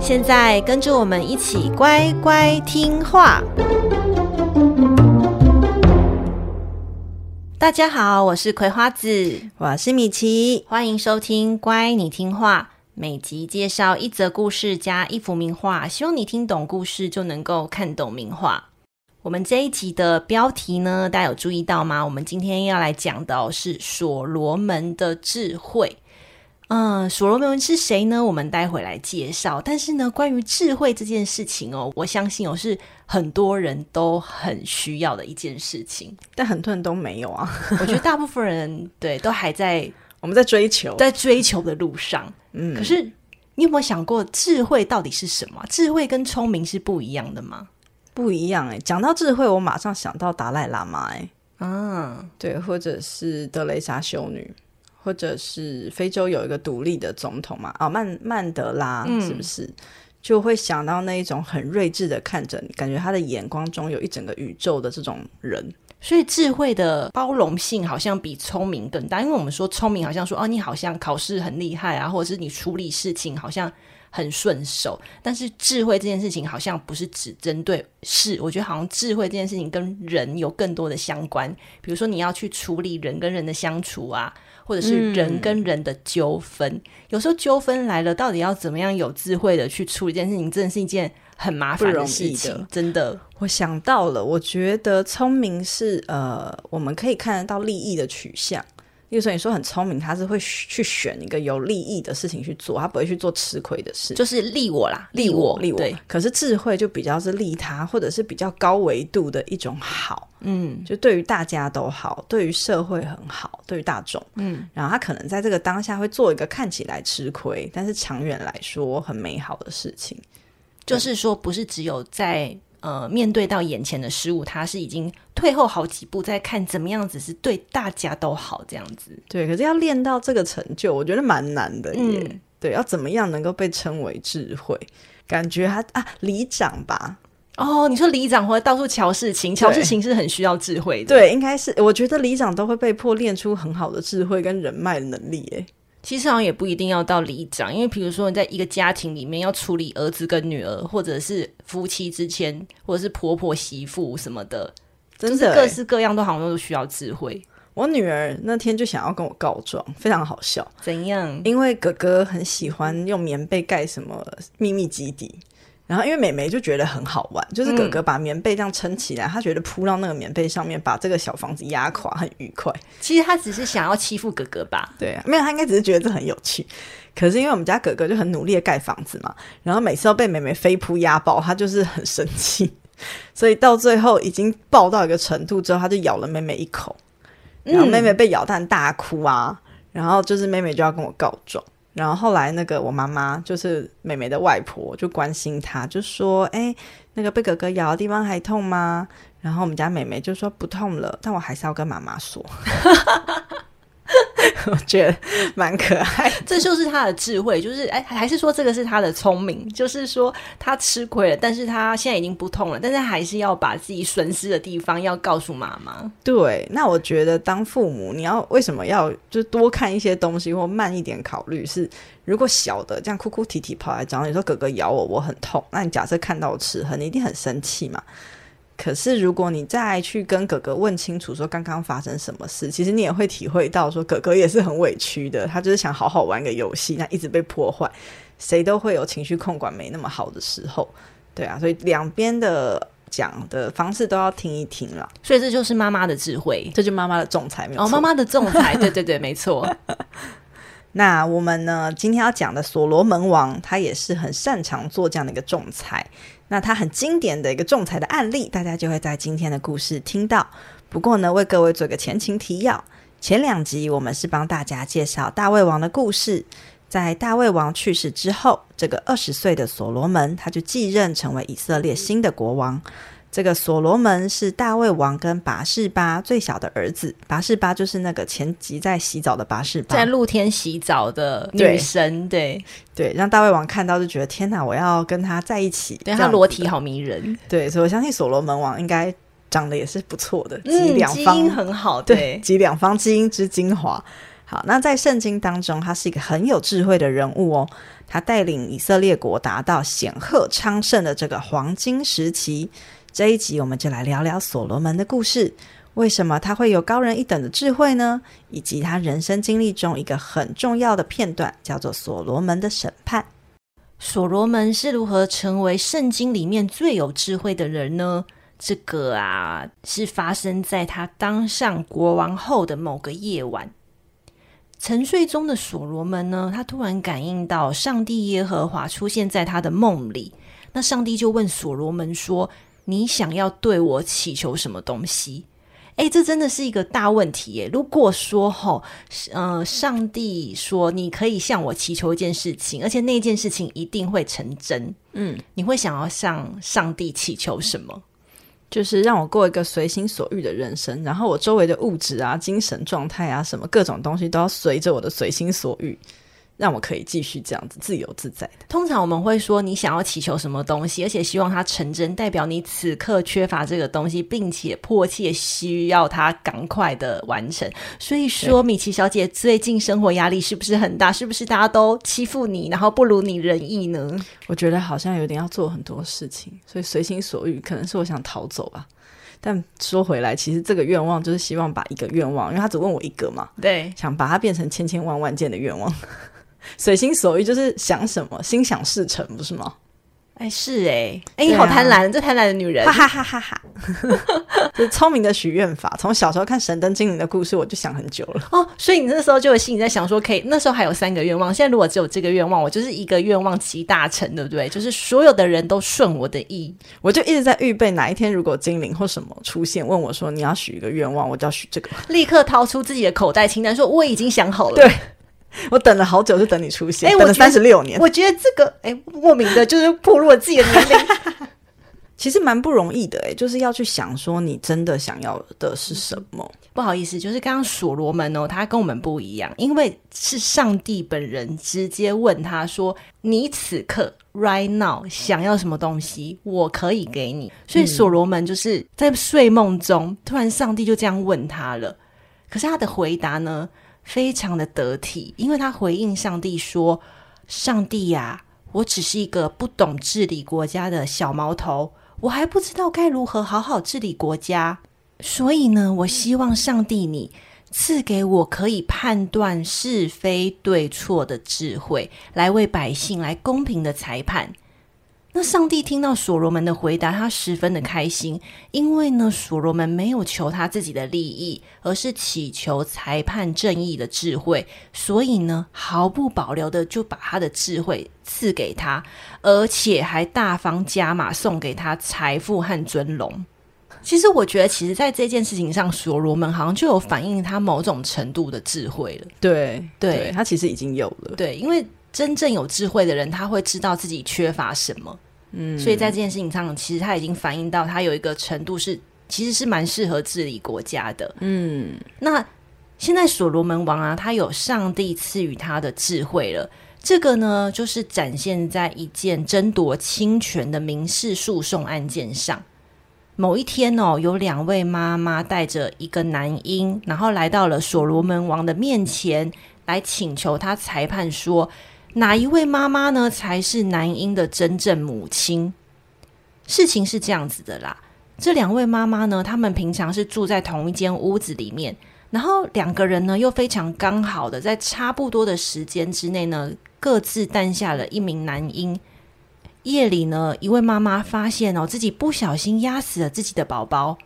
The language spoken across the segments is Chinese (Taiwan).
現在跟着我們一起乖乖聽話。大家好，我是葵花子，我是米奇，歡迎收聽《乖，你聽畫》。每集介紹一則故事加一幅名畫，希望你聽懂故事就能夠看懂名畫。我們這一集的標題呢，大家有注意到嗎？我們今天要來講的是所羅門的智慧。嗯，所羅門是誰呢？我們待會來介紹。但是呢，關於智慧這件事情哦，我相信哦是很多人都很需要的一件事情，但很多人都沒有啊。我覺得大部分人 對，都還在我們在追求，在追求的路上。嗯，可是你有沒有想過智慧到底是什麼？智慧跟聰明是不一樣的嗎？不一樣哎、欸，講到智慧，我馬上想到達賴喇嘛哎、欸、嗯、啊，對，或者是德蕾莎修女。或者是非洲有一個獨立的總統嘛？啊、哦，曼曼德拉是不是？嗯，就會想到那一種很睿智的看着你，感覺他的眼光中有一整個宇宙的這種人。所以智慧的包容性好像比聰明更大，因為我們說聰明，好像說哦，你好像考試很厲害啊，或者是你處理事情好像。很順手，但是智慧這件事情好像不是只針對事，我覺得好像智慧這件事情跟人有更多的相關。比如說你要去處理人跟人的相處啊，或者是人跟人的糾紛、嗯，有時候糾紛來了，到底要怎麼樣有智慧的去處理這件事情，真的是一件很麻煩的事情的。真的，我想到了，我覺得聰明是呃，我們可以看得到利益的取向。所以你說很聰明，他是會去選一個有利益的事情去做，他不會去做吃虧的事情，就是利我啦，利我，利我，利我。對，可是智慧就比較是利他，或者是比較高維度的一種好，嗯，就對於大家都好，對於社會很好，對於大眾，嗯。然後他可能在這個當下會做一個看起來吃虧，但是長遠來說很美好的事情，就是說不是只有在。嗯呃，面對到眼前的失誤，他是已經退後好幾步，再看怎麼樣子是對大家都好這樣子。對，可是要練到這個成就，我覺得蠻難的耶。嗯、對，要怎麼樣能夠被稱為智慧？感覺他啊，里長吧？哦，你說里長會到處喬事情，喬事情是很需要智慧的。對，應該是，我覺得里長都會被迫練出很好的智慧跟人脈的能力耶。其實好像也不一定要到里長，因為譬如說你在一個家庭裡面要處理兒子跟女兒，或者是夫妻之間，或者是婆婆媳婦什麼的，真的、就是、各式各樣都好像都需要智慧。我女兒那天就想要跟我告狀，非常好笑。怎樣？因為哥哥很喜歡用棉被蓋什麼秘密基地。然後，因為妹妹就覺得很好玩，就是哥哥把棉被這樣撐起來，嗯、他覺得鋪到那個棉被上面，把這個小房子壓垮很愉快。其實他只是想要欺負哥哥吧？對啊，沒有，他應該只是覺得這很有趣。可是因為我們家哥哥就很努力的蓋房子嘛，然後每次都被妹妹飛撲壓爆，他就是很生氣。所以到最後已經爆到一個程度之後，他就咬了妹妹一口，然後妹妹被咬蛋大哭啊，嗯、然後就是妹妹就要跟我告狀。然後後來，那個我媽媽就是妹妹的外婆，就關心她，就說：“哎、欸，那個被哥哥咬的地方還痛嗎？”然後我們家妹妹就說：“不痛了。”但我還是要跟媽媽說。 我覺得蠻可愛， 這就是他的智慧，就是哎，還是說這個是他的聰明，就是說他吃虧了，但是他現在已經不痛了，但是還是要把自己損失的地方要告訴媽媽。對，那我覺得當父母，你要為什麼要就多看一些東西，或慢一點考慮？是如果小的這樣哭哭啼啼，啼跑來找你說哥哥咬我，我很痛，那你假設看到齒痕，你一定很生氣嘛？可是，如果你再去跟哥哥問清楚說，剛剛發生什麼事，其實你也會體會到說，哥哥也是很委屈的，他就是想好好玩個遊戲，但一直被破壞，誰都會有情緒控管沒那麼好的時候，對啊，所以兩邊的講的方式都要聽一聽了。所以這就是媽媽的智慧，這就是媽媽的仲裁沒有錯哦，媽媽的仲裁，對對對，沒錯。 那我們呢，今天要講的所羅門王，他也是很擅長做這樣的一個仲裁。那他很經典的一個仲裁的案例，大家就會在今天的故事聽到。不過呢，為各位做個前情提要，前兩集我們是幫大家介紹大衛王的故事。在大衛王去世之後，這個二十歲的所羅門，他就繼任成為以色列新的國王。這個所羅門是大衛王跟拔士巴最小的兒子，拔士巴就是那個前集在洗澡的拔士巴，在露天洗澡的女神，對對,對，讓大衛王看到就覺得天哪，我要跟他在一起，對的他裸體好迷人，對，所以我相信所羅門王應該長得也是不錯的，集兩方嗯，基因很好，對，對集兩方基因之精華。好，那在聖經當中，他是一個很有智慧的人物哦，他帶領以色列國達到顯赫昌盛的這個黃金時期。這一集我們就來聊聊所羅門的故事，為什麼他會有高人一等的智慧呢？以及他人生經歷中一個很重要的片段，叫做所羅門的審判。所羅門是如何成為聖經裡面最有智慧的人呢？這個啊，是發生在他當上國王後的某個夜晚，沉睡中的所羅門呢，他突然感應到上帝耶和華出現在他的夢裡。那上帝就問所羅門說，你想要對我祈求什麼東西？誒、欸，這真的是一個大問題耶！如果說吼，呃，上帝說你可以向我祈求一件事情，而且那件事情一定會成真，嗯，你會想要向上帝祈求什麼？就是讓我過一個隨心所欲的人生，然後我周圍的物質啊、精神狀態啊，什麼各種東西都要隨着我的隨心所欲。讓我可以繼續這樣子自由自在的。通常我們會說，你想要祈求什麼東西，而且希望它成真，代表你此刻缺乏這個東西，並且迫切需要它趕快的完成。所以說，米奇小姐最近生活壓力是不是很大？是不是大家都欺負你，然後不如你人意呢？我覺得好像有點要做很多事情，所以隨心所欲，可能是我想逃走吧。但說回來，其實這個願望就是希望把一個願望，因為他只問我一個嘛，對，想把它變成千千萬萬件的願望。 隨心所欲就是想什麼，心想事成，不是嗎？哎，是哎、欸，哎、欸，啊、你好貪婪，這貪婪的女人，哈哈哈哈哈哈。 就聰明的許願法，從小時候看《神燈精靈》的故事，我就想很久了。哦，所以你那時候就有心裡在想說，可以那時候還有三個願望，現在如果只有這個願望，我就是一個願望集大成，對不對？就是所有的人都順我的意，我就一直在預備哪一天，如果精靈或什麼出現，問我說你要許一個願望，我就要許這個，立刻掏出自己的口袋清單，說我已經想好了。對。我等了好久，就等你出現。哎、欸，等了三十六年，我覺得這個哎、欸，莫名的就是暴露了自己的年齡。 其實蠻不容易的、欸，哎，就是要去想說你真的想要的是什麼。嗯、不好意思，就是剛剛所羅門哦，他跟我們不一樣，因為是上帝本人直接問他說：“你此刻 right now 想要什麼東西，我可以給你。”所以所羅門就是在睡夢中、嗯，突然上帝就這樣問他了。可是他的回答呢？非常的得體，因為他回應上帝說：“上帝呀！我只是一個不懂治理國家的小毛頭，我還不知道該如何好好治理國家。所以呢，我希望上帝你賜給我可以判斷是非對錯的智慧，來為百姓來公平的裁判。”那上帝聽到所羅門的回答，他十分的開心，因為呢，所羅門沒有求他自己的利益，而是祈求裁判正義的智慧，所以呢，毫不保留的就把他的智慧賜給他，而且還大方加碼送給他財富和尊榮。其實，我覺得其實在這件事情上，所羅門好像就有反映他某種程度的智慧了。對，對，他其實已經有了。對，因為。真正有智慧的人，他會知道自己缺乏什麼，嗯，所以在這件事情上，其實他已經反映到他有一個程度是，其實是蠻適合治理國家的，嗯。那現在所羅門王啊，他有上帝賜予他的智慧了，這個呢，就是展現在一件爭奪親權的民事訴訟案件上。某一天哦，有兩位媽媽帶着一個男嬰，然後來到了所羅門王的面前，來請求他裁判說。哪一位媽媽呢，才是男嬰的真正母親？事情是這樣子的啦，這兩位媽媽呢，她們平常是住在同一間屋子裡面，然後兩個人呢又非常剛好的在差不多的時間之內呢，各自誕下了一名男嬰。夜裡呢，一位媽媽發現哦，自己不小心壓死了自己的寶寶，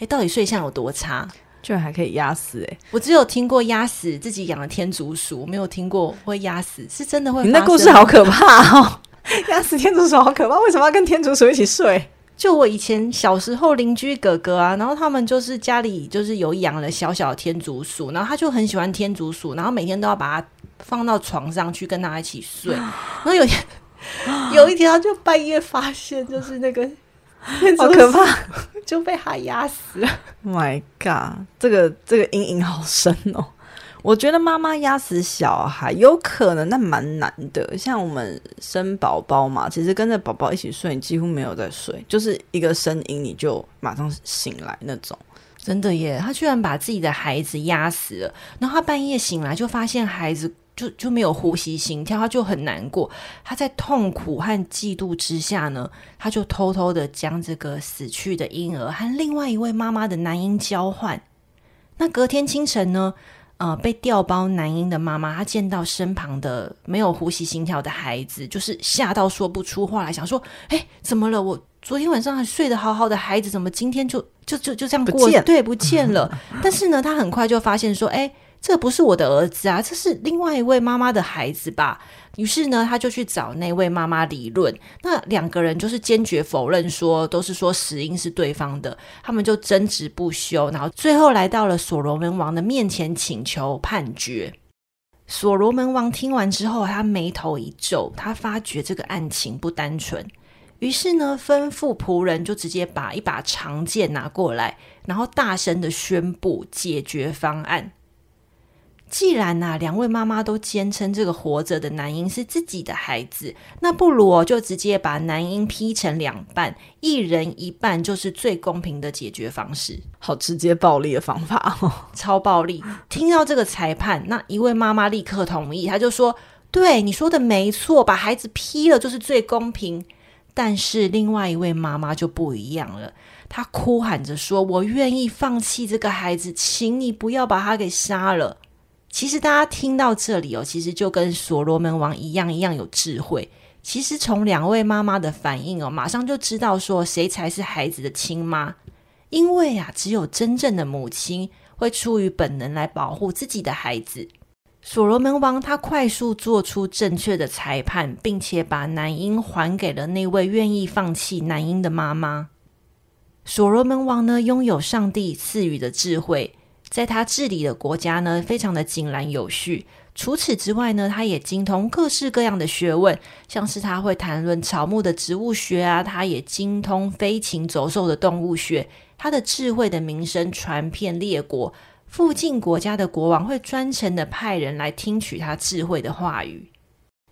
哎，到底睡相有多差？就還可以壓死欸！我只有聽過壓死自己養的天竺鼠，沒有聽過會壓死，是真的會。你那故事好可怕哦！壓 死天竺鼠好可怕，為什麼要跟天竺鼠一起睡？就我以前小時候鄰居哥哥啊，然後他們就是家裡就是有養了小小的天竺鼠，然後他就很喜歡天竺鼠，然後每天都要把它放到床上去跟他一起睡。 然後有有一天他就半夜發現，就是那個。好可怕， 就被他壓死了！Oh My God，這個這個陰影好深哦。我覺得媽媽壓死小孩有可能，那蠻難的。像我們生寶寶嘛，其實跟着寶寶一起睡，你幾乎沒有在睡，就是一個聲音你就馬上醒來那種。真的耶，他居然把自己的孩子壓死了，然後他半夜醒來就發現孩子，就就沒有呼吸心跳，他就很難過。他在痛苦和嫉妒之下呢，他就偷偷的將這個死去的嬰兒和另外一位媽媽的男嬰交換。那隔天清晨呢，呃，被調包男嬰的媽媽，她見到身旁的沒有呼吸心跳的孩子，就是嚇到說不出話來，想說：“哎、欸，怎麼了？我昨天晚上還睡得好好的，孩子怎麼今天就就就就這樣過不見了？對，不見了。 ”但是呢，他很快就發現說：“哎、欸。”這不是我的兒子啊，這是另外一位媽媽的孩子吧？於是呢，他就去找那位媽媽理論。那兩個人就是堅決否認說，說都是說死嬰是對方的。他們就爭執不休，然後最後來到了所羅門王的面前請求判決。所羅門王聽完之後，他眉頭一皺，他發覺這個案情不單純，於是呢，吩咐僕人就直接把一把長劍拿過來，然後大聲地宣布解決方案。既然啊，兩位媽媽都堅稱這個活着的男嬰是自己的孩子，那不如就直接把男嬰劈成兩半，一人一半，就是最公平的解決方式。好，直接暴力的方法哦，超暴力！聽到這個裁判，那一位媽媽立刻同意，她就說：“對，你說的沒錯，把孩子劈了就是最公平。”但是另外一位媽媽就不一樣了，她哭喊着說：“我願意放棄這個孩子，請你不要把他給殺了。”其實大家聽到這裡哦，其實就跟所羅門王一樣一樣有智慧。其實從兩位媽媽的反應哦，馬上就知道說誰才是孩子的親媽。因為啊，只有真正的母親會出於本能來保護自己的孩子。所羅門王他快速做出正確的裁判，並且把男嬰還給了那位願意放棄男嬰的媽媽。所羅門王呢，擁有上帝賜予的智慧。在他治理的國家呢，非常的井然有序。除此之外呢，他也精通各式各樣的學問，像是他會談論草木的植物學啊，他也精通飛禽走獸的動物學。他的智慧的名聲傳遍列國，附近國家的國王會專程的派人來聽取他智慧的話語。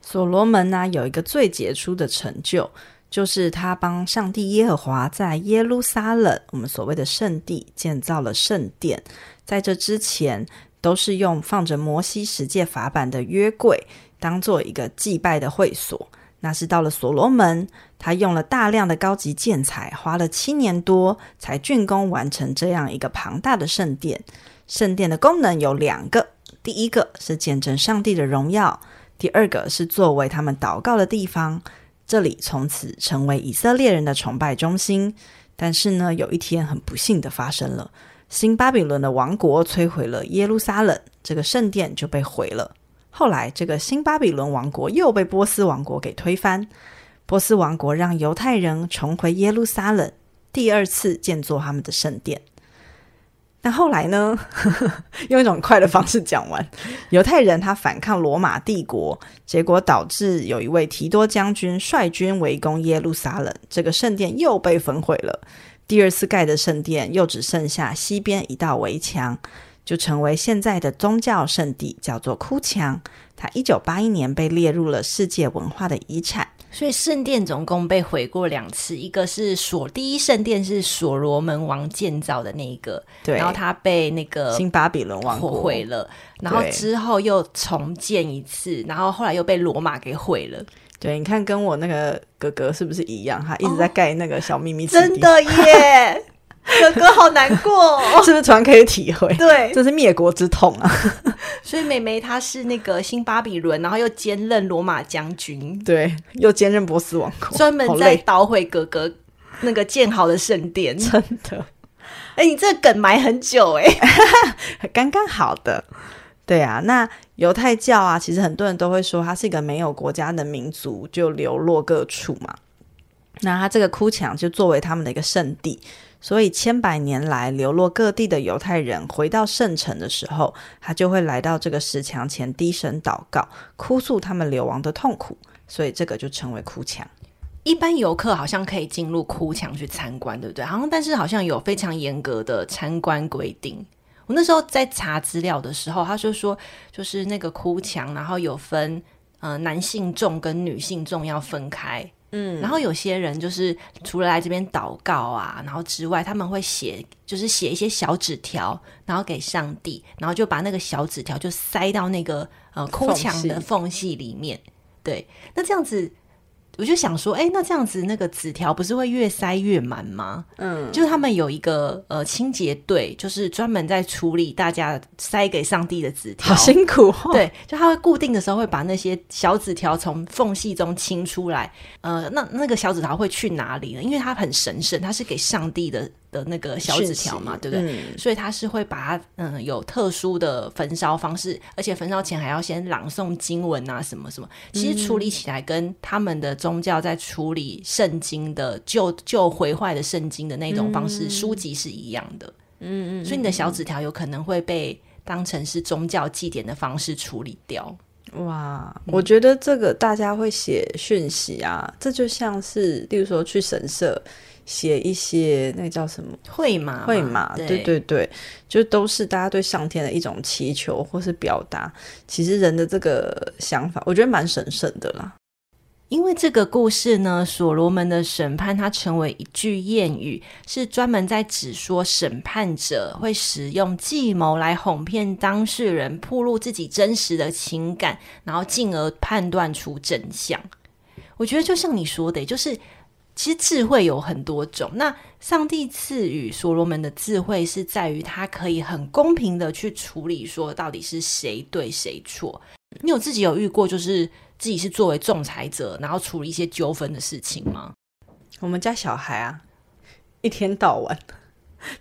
所羅門呢，啊，有一個最傑出的成就，就是他幫上帝耶和華在耶路撒冷，我們所謂的聖地，建造了聖殿。在這之前，都是用放着摩西十誡法版的約櫃當做一個祭拜的會所。那是到了所羅門，他用了大量的高級建材，花了七年多才竣工完成這樣一個龐大的聖殿。聖殿的功能有兩個：第一個是見證上帝的榮耀；第二個是作為他們禱告的地方。這裡從此成為以色列人的崇拜中心。但是呢，有一天很不幸的發生了。新巴比倫的王國摧毀了耶路撒冷，這個聖殿就被毀了。後來，這個新巴比倫王國又被波斯王國給推翻，波斯王國讓猶太人重回耶路撒冷，第二次建造他們的聖殿。那後來呢？ 用一種快的方式講完，猶 太人他反抗羅馬帝國，結果導致有一位提多將軍率軍圍攻耶路撒冷，這個聖殿又被焚毀了。第二次蓋的聖殿又只剩下西邊一道圍牆，就成為現在的宗教聖地，叫做哭牆。它一九八一年被列入了世界文化的遺產。所以聖殿總共被毀過兩次，一個是所第一聖殿是所羅門王建造的那一個，對，然後它被那個新巴比倫王國毀了，然後之後又重建一次，然後後來又被羅馬給毀了。對，你看跟我那個哥哥是不是一樣？他一直在蓋那個小秘密基地。哦、真的耶，哥哥好難過。哦， 是不是？突然可以體會。對，這是滅國之痛啊！所以妹妹她是那個新巴比倫，然後又兼任羅馬將軍。對，又兼任波斯王公，專門在搗毀哥哥那個建好的聖殿。真的，哎、欸，你這梗埋很久哎， 剛剛好的。對啊，那猶太教啊，其實很多人都會說它是一個沒有國家的民族，就流落各處嘛。那它這個哭牆就作為他們的一個聖地，所以千百年來流落各地的猶太人回到聖城的時候，他就會來到這個石牆前低聲禱告，哭訴他們流亡的痛苦。所以這個就成為哭牆。一般遊客好像可以進入哭牆去參觀，對不對？好像但是好像有非常嚴格的參觀規定。我那時候在查資料的時候，他就說，就是那個哭牆，然後有分呃男性眾跟女性眾要分開，嗯，然後有些人就是除了來這邊禱告啊，然後之外，他們會寫，就是寫一些小紙條，然後給上帝，然後就把那個小紙條就塞到那個呃哭牆的縫隙裡面縫隙，對，那這樣子。我就想說，哎、欸，那這樣子那個紙條不是會越塞越滿嗎？嗯，就是他們有一個呃清潔隊，就是專門在處理大家塞給上帝的紙條。好辛苦、哦，對，就他會固定的時候會把那些小紙條從縫隙中清出來。呃，那那個小紙條會去哪裡呢？因為它很神聖，它是給上帝的。的那個小紙條嘛，對不對、嗯？所以他是會把它嗯有特殊的焚燒方式，而且焚燒前還要先朗誦經文啊，什麼什麼。其實處理起來跟他們的宗教在處理聖經的舊舊毀壞的聖經的那種方式、嗯、書籍是一樣的。嗯嗯。所以你的小紙條有可能會被當成是宗教祭典的方式處理掉。嗯、哇、嗯，我覺得這個大家會寫訊息啊，這就像是例如說去神社。寫一些那叫什麼會嘛，嘛會嘛，對對對，對，就都是大家對上天的一種祈求或是表達。其實人的這個想法，我覺得蠻神聖的啦。因為這個故事呢，所羅門的審判，它成為一句諺語，是專門在指說審判者會使用計謀來哄騙當事人，曝露自己真實的情感，然後進而判斷出真相。我覺得就像你說的，就是。其實智慧有很多種。那上帝賜予所羅門的智慧是在於他可以很公平的去處理說到底是誰對誰錯。你有自己有遇過就是自己是作為仲裁者，然後處理一些糾紛的事情嗎？我們家小孩啊，一天到晚。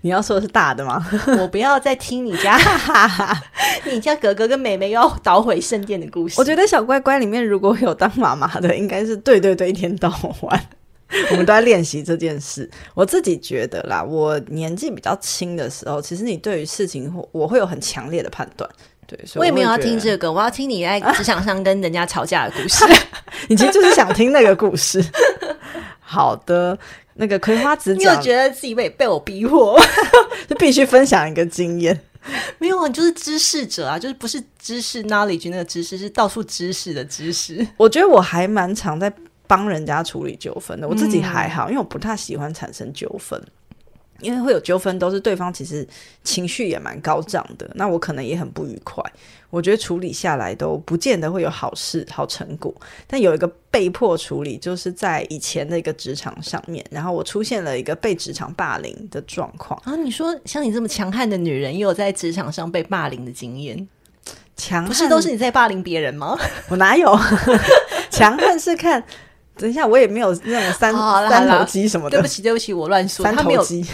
你要說的是大的嗎？ 我不要再聽你家哈哈哈！ 你家哥哥跟妹妹要搗毀聖殿的故事。我覺得小乖乖裡面如果有當媽媽的，應該是對對對，一天到晚。 我們都在練習這件事。我自己覺得啦，我年紀比較輕的時候，其實你對於事情，我會有很強烈的判斷。對，所以我，我也沒有要聽這個，我要聽你在職場上跟人家吵架的故事。啊、 你其實就是想聽那個故事。 好的，那個葵花子，你有覺得自己被被我逼迫， 就必須分享一個經驗。 沒有啊，你就是知識者啊，就是不是知識 knowledge 那個知識，是到處知識的知識。我覺得我還蠻常在。幫人家處理糾紛的，我自己還好，因為我不太喜歡產生糾紛、嗯，因為會有糾紛都是對方其實情緒也蠻高漲的，那我可能也很不愉快。我覺得處理下來都不見得會有好事、好成果。但有一個被迫處理，就是在以前的一個職場上面，然後我出現了一個被職場霸凌的狀況啊！你說像你這麼強悍的女人，也有在職場上被霸凌的經驗？強悍不是都是你在霸凌別人嗎？我哪有強 悍是看。等一下，我也沒有那種三啦啦三頭肌什麼的。對不起，對不起，我亂說。三頭肌，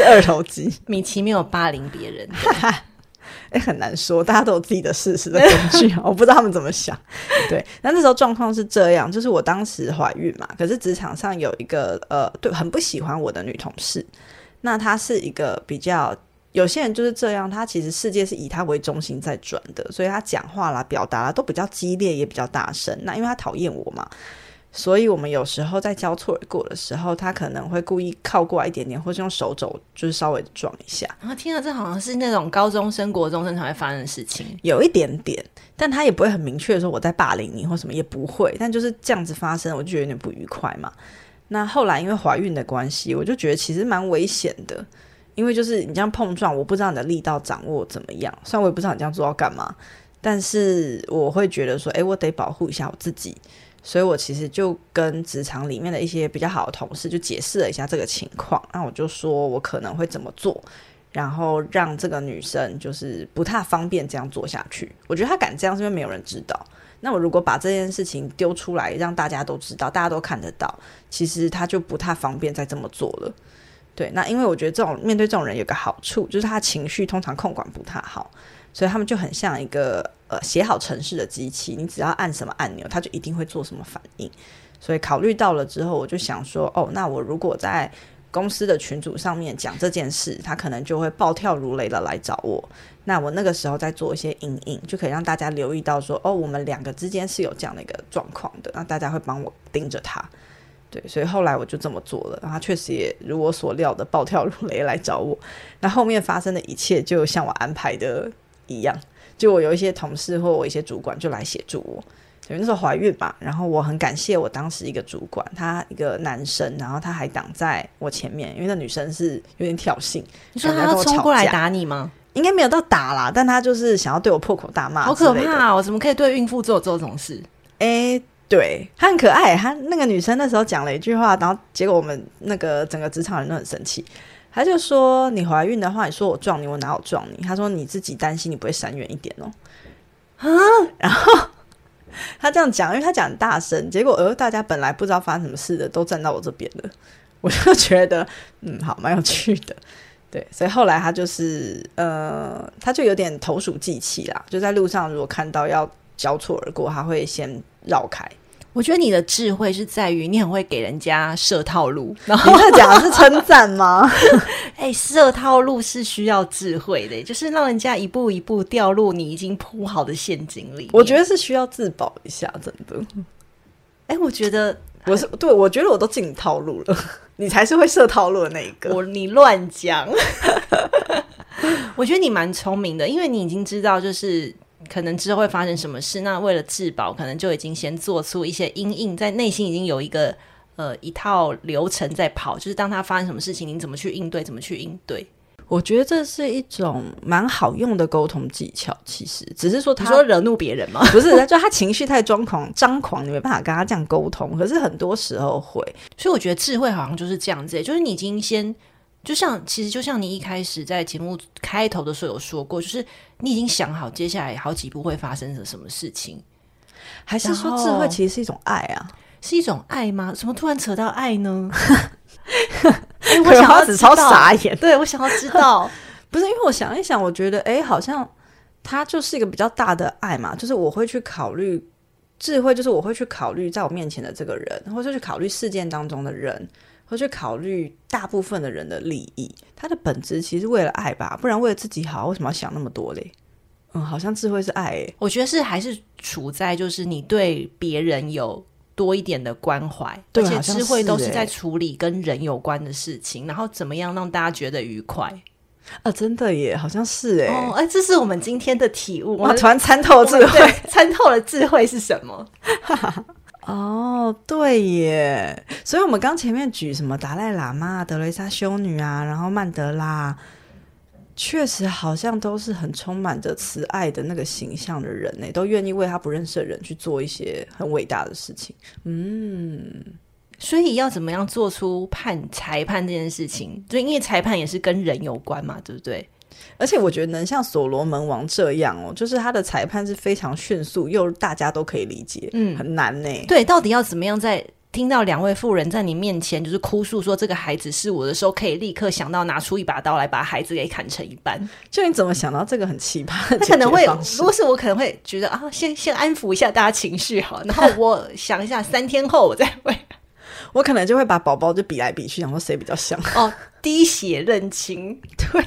二頭肌。米奇沒有霸凌別人。哎、 欸，很難說，大家都有自己的事實的根據， 我不知道他們怎麼想。對，那那時候狀況是這樣，就是我當時懷孕嘛，可是職場上有一個呃，對，很不喜歡我的女同事。那她是一個比較有些人就是這樣，她其實世界是以她為中心在轉的，所以她講話啦、表達啦都比較激烈，也比較大聲。那因為她討厭我嘛。所以，我們有時候在交錯過的時候，他可能會故意靠過來一點點，或者用手肘就是稍微撞一下。然後、啊、聽了，這好像是那種高中生、國中生才會發生的事情，有一點點，但他也不會很明確說我在霸凌你或什麼，也不會，但就是這樣子發生，我就覺得有點不愉快嘛。那後來因為懷孕的關係，我就覺得其實蠻危險的，因為就是你這樣碰撞，我不知道你的力道掌握怎麼樣，雖然我也不知道你這樣做要幹嘛，但是我會覺得說，誒、欸，我得保護一下我自己。所以我其實就跟職場裡面的一些比較好的同事就解釋了一下這個情況，那我就說我可能會怎麼做，然後讓這個女生就是不太方便這樣做下去。我覺得她敢這樣是因為沒有人知道，那我如果把這件事情丟出來讓大家都知道，大家都看得到，其實她就不太方便再這麼做了。對，那因為我覺得這種面對這種人有個好處，就是她情緒通常控管不太好。所以他們就很像一個呃寫好程式的機器，你只要按什麼按鈕，它就一定會做什麼反應。所以考慮到了之後，我就想說，哦，那我如果在公司的群組上面講這件事，他可能就會暴跳如雷的來找我。那我那個時候再做一些因應，就可以讓大家留意到說，哦，我們兩個之間是有這樣的一個狀況的。那大家會幫我盯着他，對。所以後來我就這麼做了，然後他確實也如我所料的暴跳如雷來找我。那後，後面發生的一切就像我安排的一樣，就我有一些同事或我一些主管就來協助我，等於那時候懷孕吧，然後我很感謝我當時一個主管，他一個男生，然後他還擋在我前面，因為那女生是有點挑釁，你說他要衝過來打你嗎？應該沒有到打啦，但他就是想要對我破口大罵，好可怕啊！我怎麼可以對孕婦做這種事？誒，欸，對，他很可愛，他那個女生那時候講了一句話，然後結果我們那個整個職場人都很生氣。他就說：“你懷孕的話，你說我撞你，我哪有撞你？”他說：“你自己擔心，你不會閃遠一點哦。”啊，然後他這樣講，因為他講很大聲，結果呃，大家本來不知道發生什麼事的，都站到我這邊了。我就覺得，嗯，好，蠻有趣的。對，所以後來他就是，呃，他就有點投鼠忌器啦。就在路上，如果看到要交錯而過，他會先繞開。我覺得你的智慧是在於你很會給人家設套路，然後在講的 是稱讚嗎？哎、 欸，設套路是需要智慧的，就是讓人家一步一步掉入你已經鋪好的陷阱裡。我覺得是需要自保一下，真的。哎、欸，我覺得我是對，我覺得我都進套路了， 你才是會設套路的那一個。我你亂講， 我覺得你蠻聰明的，因為你已經知道就是。可能之後會發生什麼事？那為了自保，可能就已經先做出一些因應，在內心已經有一個呃一套流程在跑。就是當他發生什麼事情，你怎麼去應對？怎麼去應對？我覺得這是一種蠻好用的溝通技巧。其實只是說他，你說惹怒別人嗎？ 不是，他就他情緒太裝狂張狂，你沒辦法跟他這樣溝通。可是很多時候會，所以我覺得智慧好像就是這樣子，就是你已經先。就像，其實就像你一開始在節目開頭的時候有說過，就是你已經想好接下來好幾步會發生什麼事情，還是說智慧其實是一種愛啊？是一種愛嗎？怎麼突然扯到愛呢？我想要只朝傻眼！對我想要知道， 知道 不是因為我想一想，我覺得哎、欸，好像他就是一個比較大的愛嘛，就是我會去考慮智慧，就是我會去考慮在我面前的這個人，或者去考慮事件當中的人。而會去考慮大部分的人的利益，他的本質其實為了愛吧，不然為了自己好，為什麼要想那麼多嘞？嗯，好像智慧是愛、欸，我覺得是還是處在就是你對別人有多一點的關懷，對，而且智慧都是在處理跟人有關的事情，欸、然後怎麼樣讓大家覺得愉快啊？真的耶，好像是哎，哎、哦，這是我們今天的體悟，嗯、我、啊、突然參透了智慧，參透了智慧是什麼？ 哦，對耶，所以我們剛前面舉什麼達賴喇嘛、德雷莎修女啊，然後曼德拉，確實好像都是很充滿着慈愛的那個形象的人呢，都願意為他不認識的人去做一些很偉大的事情。嗯，所以要怎麼樣做出判裁判這件事情，就因為裁判也是跟人有關嘛，對不對？而且我覺得能像所羅門王這樣哦，就是他的裁判是非常迅速又大家都可以理解，嗯，很難呢、欸。對，到底要怎麼樣在聽到兩位婦人在你面前就是哭訴說這個孩子是我的時候，可以立刻想到拿出一把刀來把孩子給砍成一半？就你怎麼想到這個很奇葩？嗯、他可能會，如果是我，可能會覺得啊，先先安撫一下大家情緒好，然後我想一下三天後我再會， 我可能就會把寶寶就比來比去，然後誰比較像哦，滴血認親， 對。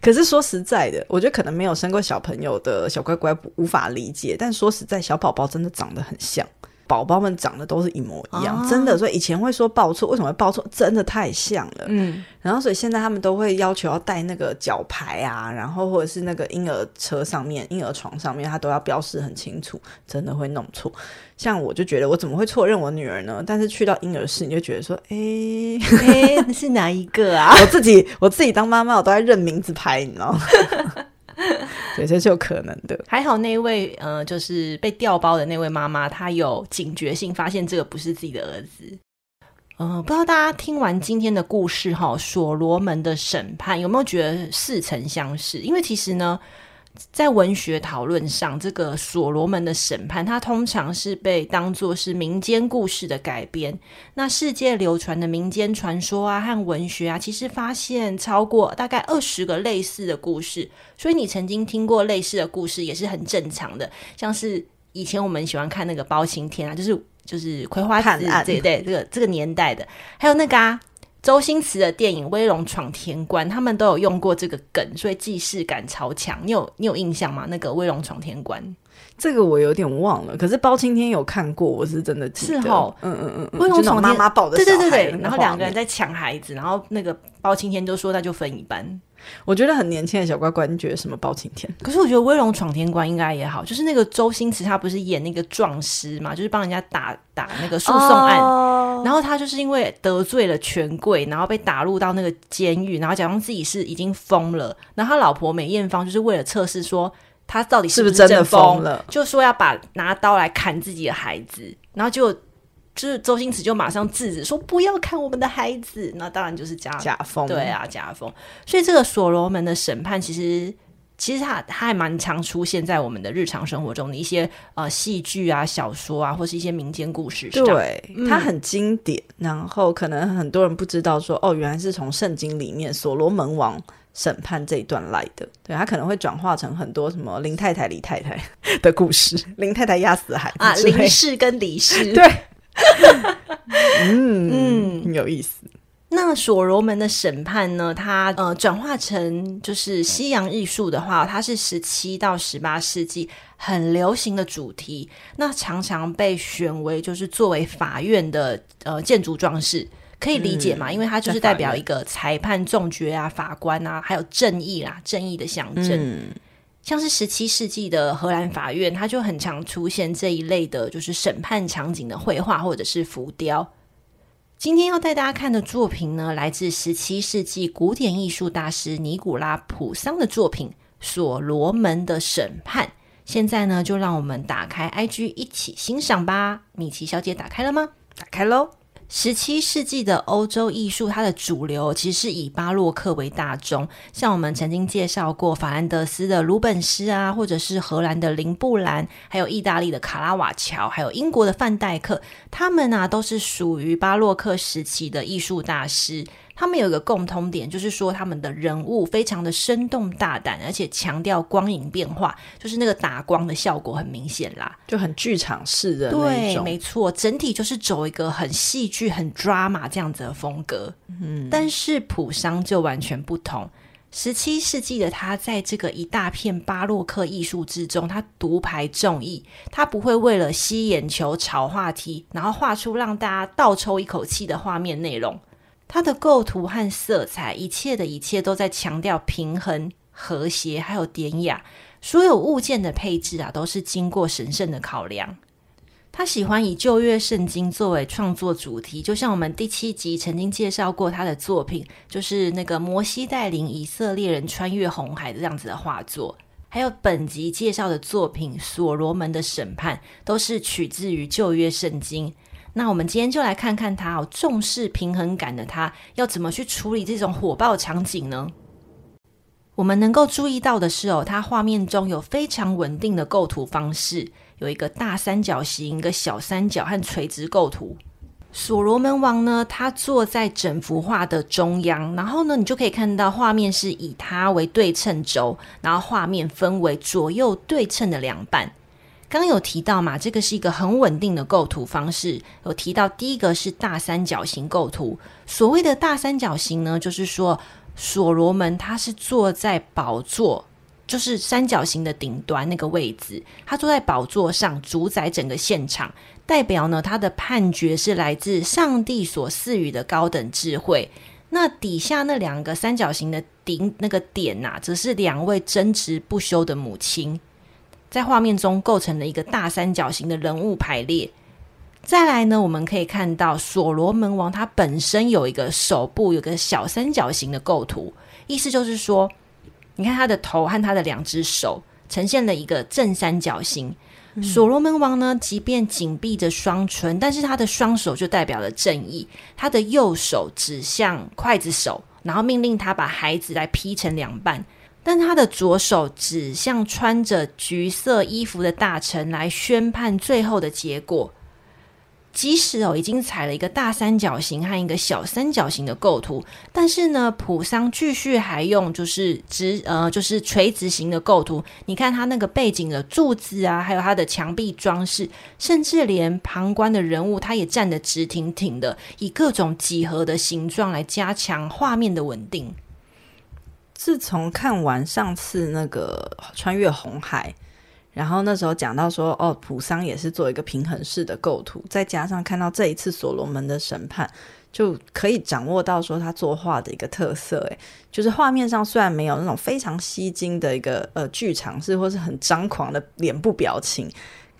可是說實在的，我覺得可能沒有生過小朋友的小乖乖無法理解，但說實在，小寶寶真的長得很像。寶寶們長得都是一模一樣，啊、真的，所以以前會說抱錯。為什麼會抱錯？真的太像了，嗯。然後所以現在他們都會要求要帶那個腳牌啊，然後或者是那個嬰兒車上面，嬰兒床上面，他都要標示很清楚，真的會弄錯。像我就覺得我怎麼會錯認我女兒呢？但是去到嬰兒室，你就覺得說，誒、欸，哎、欸， 是哪一個啊？我自己我自己當媽媽，我都在認名字牌，你知道嗎？ 對， 這些是有可能的。還好那一位呃，就是被掉包的那位媽媽，她有警覺性，發現這個不是自己的兒子。呃，不知道大家聽完今天的故事哈、哦，所羅門的審判有沒有覺得似曾相識？因為其實呢，在文學討論上，這個所羅門的審判，它通常是被當作是民間故事的改編。那世界流傳的民間傳說啊，和文學啊，其實發現超過大概二十個類似的故事。所以你曾經聽過類似的故事也是很正常的。像是以前我們喜歡看那個包青天啊，就是就是葵花子啊，對，對對，這個這個年代的，還有那個啊。周星馳的電影《威龍闖天關》，他們都有用過這個梗，所以既視感超強。你有你有印象嗎？那個《威龍闖天關》。這個我有點忘了，可是包青天有看過，我是真的記得。是哦、嗯嗯嗯，威龍闖天馬堡的，媽媽對對對對，那個、然後兩個人在搶孩子，然後那個包青天就說他就分一半。我覺得很年輕的小乖乖，你覺得什麼包青天？可是我覺得威龍闖天關應該也好，就是那個周星馳他不是演那個狀師嘛，就是幫人家打打那個訴訟案，oh. 然後他就是因為得罪了權貴，然後被打入到那個監獄，然後假裝自己是已經瘋了，然後他老婆梅艷芳就是為了測試說。他到底是不是，是不是真的瘋了？就說要把拿刀來砍自己的孩子，然後就就是周星馳就馬上制止說不要砍我們的孩子。那當然就是假假瘋，對啊，假瘋。所以這個所羅門的審判其實，其實其實他他還蠻常出現在我們的日常生活中的一些呃戲劇啊、小說啊，或是一些民間故事。對、嗯，它很經典。然後可能很多人不知道說哦，原來是從聖經裡面所羅門王審判這一段來的，對，他可能會轉化成很多什麼林太太、李太太的故事，林太太壓死海啊，林氏跟李氏對，嗯 嗯，嗯很有意思。那所羅門的審判呢？它呃轉化成就是西洋藝術的話，它是十七到十八世紀很流行的主題，那常常被選為就是作為法院的呃建築裝飾。可以理解嘛？因為它就是代表一個裁判重、啊、判決啊、法官啊，還有正義啦、啊，正義的象徵。嗯、像是十七世紀的荷蘭法院，它就很常出現這一類的，就是審判場景的繪畫或者是浮雕。今天要帶大家看的作品呢，來自十七世紀古典藝術大師尼古拉·普桑的作品《所羅門的審判》。現在呢，就讓我們打開 IG 一起欣賞吧。米奇小姐打開了嗎？打開嘍。十七世紀的歐洲藝術，它的主流其實是以巴洛克為大宗。像我們曾經介紹過，法蘭德斯的魯本斯啊，或者是荷蘭的林布蘭，還有意大利的卡拉瓦喬，還有英國的范戴克，他們啊都是屬於巴洛克時期的藝術大師。他們有一個共通點，就是說他們的人物非常的生動大膽，而且強調光影變化，就是那個打光的效果很明顯啦，就很劇場式的。對，沒錯，整體就是走一個很戲劇、很 drama 這樣子的風格。嗯，但是普桑就完全不同。十七世紀的他，在這個一大片巴洛克藝術之中，他獨排眾議，他不會為了吸眼球、炒話題，然後畫出讓大家倒抽一口氣的畫面內容。他的構圖和色彩，一切的一切都在強調平衡、和諧，還有典雅。所有物件的配置啊，都是經過神聖的考量。他喜歡以舊約聖經作為創作主題，就像我們第七集曾經介紹過他的作品，就是那個摩西帶領以色列人穿越紅海的這樣子的畫作。還有本集介紹的作品《所羅門的審判》，都是取自於舊約聖經。那我們今天就來看看他哦，重視平衡感的他要怎麼去處理這種火爆場景呢？我們能夠注意到的是哦，他畫面中有非常穩定的構圖方式，有一個大三角形、一個小三角和垂直構圖。所羅門王呢，他坐在整幅畫的中央，然後呢，你就可以看到畫面是以他為對稱軸，然後畫面分為左右對稱的兩半。剛有提到嘛，這個是一個很穩定的構圖方式。有提到第一個是大三角形構圖。所謂的大三角形呢，就是說所羅門他是坐在寶座，就是三角形的頂端那個位置，他坐在寶座上主宰整個現場，代表呢，他的判決是來自上帝所賜予的高等智慧。那底下那兩個三角形的頂那個點吶、啊，則是兩位爭執不休的母親。在畫面中構成了一個大三角形的人物排列。再來呢，我們可以看到所羅門王他本身有一個手部有個小三角形的構圖，意思就是說，你看他的頭和他的兩隻手呈現了一個正三角形。嗯。所羅門王呢，即便緊閉着雙唇，但是他的雙手就代表了正義。他的右手指向劊子手，然後命令他把孩子來劈成兩半。但他的左手指向穿着橘色衣服的大臣，來宣判最後的結果。即使哦已經踩了一個大三角形和一個小三角形的構圖，但是呢，普桑繼續還用就是直呃，就是垂直型的構圖。你看他那個背景的柱子啊，還有他的牆壁裝飾，甚至連旁觀的人物，他也站得直挺挺的，以各種幾何的形狀來加強畫面的穩定。自從看完上次那個《穿越紅海》，然後那時候講到說，哦，普桑也是做一個平衡式的構圖，再加上看到這一次《所羅門的審判》，就可以掌握到說他作畫的一個特色，誒，就是畫面上雖然沒有那種非常吸睛的一個呃劇場式或是很張狂的臉部表情。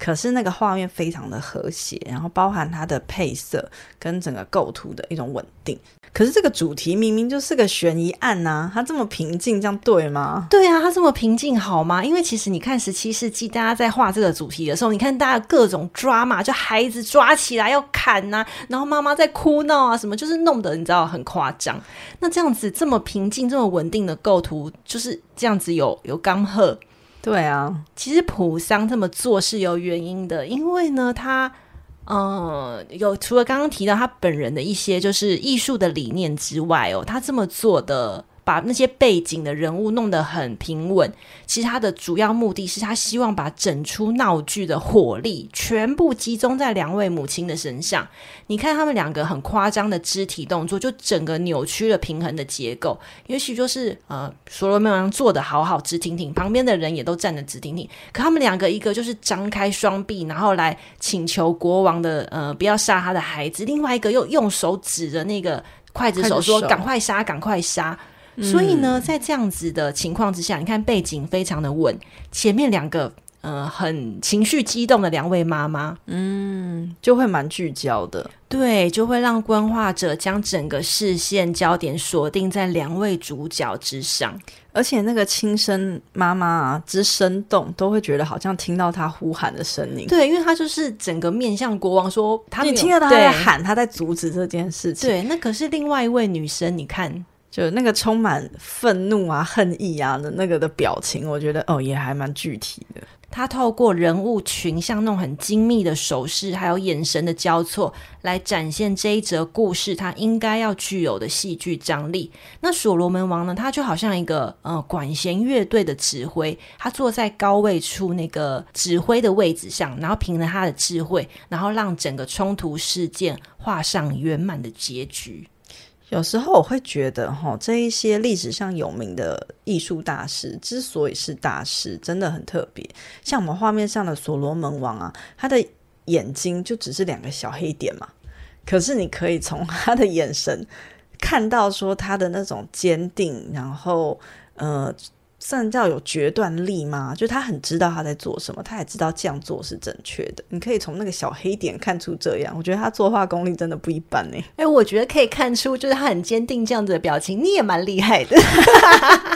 可是那個畫面非常的和諧，然後包含它的配色跟整個構圖的一種穩定。可是這個主題明明就是個懸疑案吶、啊，它這麼平靜，這樣對嗎？對啊，它這麼平靜好嗎？因為其實你看十七世紀，大家在畫這個主題的時候，你看大家各種抓馬，就孩子抓起來要砍吶、啊，然後媽媽在哭鬧啊，什麼就是弄得你知道很誇張。那這樣子這麼平靜、這麼穩定的構圖，就是這樣子有有剛赫。對啊，其實普桑這麼做是有原因的，因為呢，他，呃，有除了剛剛提到他本人的一些就是藝術的理念之外哦，他這麼做的。把那些背景的人物弄得很平穩。其實他的主要目的是，他希望把整出鬧劇的火力全部集中在兩位母親的身上。你看他們兩個很誇張的肢體動作，就整個扭曲了平衡的結構。也許就是呃，所羅門王坐得好好直挺挺，旁邊的人也都站得直挺挺。可他們兩個，一個就是張開雙臂，然後來請求國王的呃不要殺他的孩子；另外一個又用手指着那個劊子手說手：“趕快殺，趕快殺。”所以呢、嗯，在這樣子的情況之下，你看背景非常的穩，前面兩個呃很情緒激動的兩位媽媽，嗯，就會蠻聚焦的，對，就會讓觀畫者將整個視線焦點鎖定在兩位主角之上，而且那個親生媽媽、啊、之生動，都會覺得好像聽到她呼喊的聲音，對，因為她就是整個面向國王說，她你聽得到她在喊，她在阻止這件事情，對，那可是另外一位女生，你看。就那個充滿憤怒啊、恨意啊的那個的表情，我覺得哦，也還蠻具體的。他透過人物群像那種很精密的手勢，還有眼神的交錯，來展現這一則故事它應該要具有的戲劇張力。那所羅門王呢，他就好像一個呃管弦樂隊的指揮，他坐在高位處那個指揮的位置上，然後憑着他的智慧，然後讓整個衝突事件畫上圓滿的結局。有時候我會覺得，吼，這一些歷史上有名的藝術大師之所以是大師，真的很特別。像我們畫面上的所羅門王啊，他的眼睛就只是兩個小黑點嘛，可是你可以從他的眼神看到說他的那種堅定，然後，呃。算叫有決斷力嗎？就是他很知道他在做什麼，他也知道這樣做是正確的。你可以從那個小黑點看出這樣，我覺得他作畫功力真的不一般呢。哎、欸，我覺得可以看出，就是他很堅定這樣子的表情，你也蠻厲害的。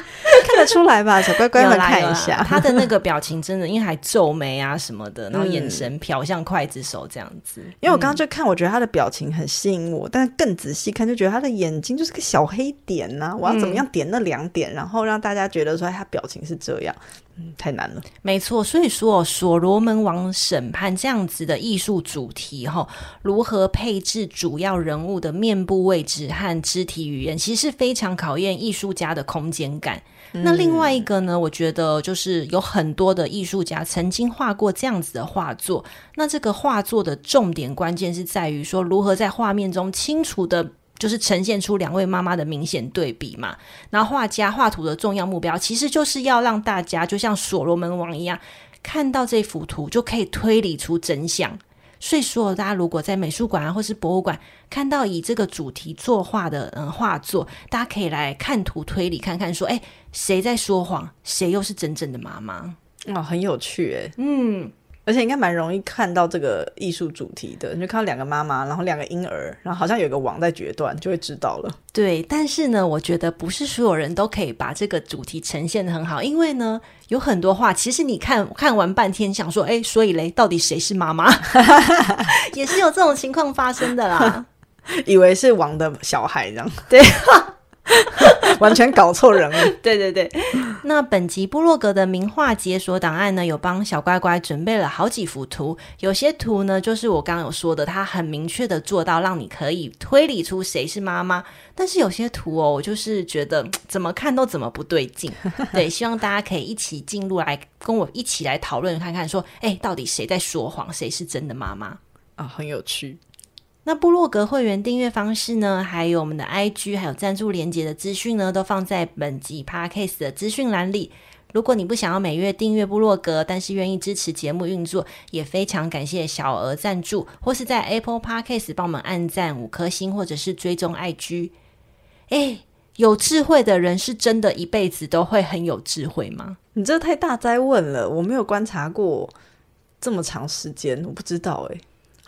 看得出來吧，小乖乖們看一下他的那個表情，真的因為還皺眉啊什麼的， 然後眼神瞟向劊子手這樣子，嗯。因為我剛剛就看，我覺得他的表情很吸引我，但更仔細看，就覺得他的眼睛就是個小黑點呢，啊。我要怎麼樣點那兩點，嗯、然後讓大家覺得說他表情是這樣？嗯，太難了。沒錯，所以說《所羅門王審判》這樣子的藝術主題，哈、哦，如何配置主要人物的面部位置和肢體語言，其實是非常考驗藝術家的空間感。那另外一個呢，嗯。我覺得就是有很多的藝術家曾經畫過這樣子的畫作。那這個畫作的重點關鍵是在於說，如何在畫面中清楚的，就是呈現出兩位媽媽的明顯對比嘛。然後畫家畫圖的重要目標，其實就是要讓大家就像所羅門王一樣，看到這幅圖就可以推理出真相。所以說，大家如果在美術館啊，或是博物館看到以這個主題作畫的嗯畫作，大家可以來看圖推理，看看說，誒、欸，誰在說謊，誰又是真正的媽媽？哦，很有趣，誒。嗯。而且應該蠻容易看到這個藝術主題的，你就看到兩個媽媽，然後兩個嬰兒，然後好像有一個王在決斷，就會知道了。對，但是呢，我覺得不是所有人都可以把這個主題呈現得很好，因為呢，有很多畫，其實你看看完半天，想說，誒，所以嘞，到底誰是媽媽？ 也是有這種情況發生的啦， 以為是王的小孩這樣，對。 完全搞錯人了。 對對對， 那本集部落格的名畫解鎖檔案呢，有幫小乖乖準備了好幾幅圖。有些圖呢，就是我剛剛有說的，他很明確的做到讓你可以推理出誰是媽媽。但是有些圖哦，我就是覺得怎麼看都怎麼不對勁。對，希望大家可以一起進入來，跟我一起來討論看看說，說哎，到底誰在說謊，誰是真的媽媽啊？很有趣。那部落格會員訂閱方式呢，還有我們的 IG，還有贊助連結的資訊呢，都放在本集 Podcast 的資訊欄裡。如果你不想要每月訂閱部落格，但是願意支持節目運作，也非常感謝小額贊助，或是在 Apple Podcast 幫我們按讚五顆星，或者是追蹤 IG。誒、欸，有智慧的人是真的一輩子都會很有智慧嗎？你這太大哉問了，我沒有觀察過這麼長時間，我不知道誒、欸。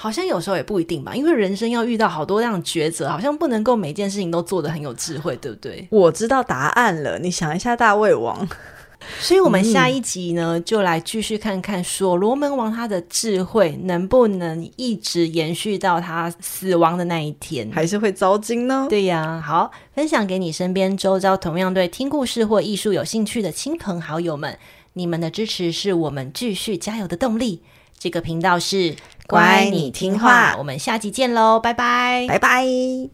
好像有時候也不一定吧，因為人生要遇到好多這樣的抉擇，好像不能夠每件事情都做得很有智慧，對不對？我知道答案了，你想一下大衛王。 所以我們下一集呢，就來繼續看看所羅門王他的智慧能不能一直延續到他死亡的那一天，還是會遭金呢？對呀、啊，好，分享給你身邊周遭同樣對聽故事或藝術有興趣的親朋好友們，你們的支持是我們繼續加油的動力。這個頻道是乖，你聽畫，聽畫我們下集見嘍，拜拜，拜拜。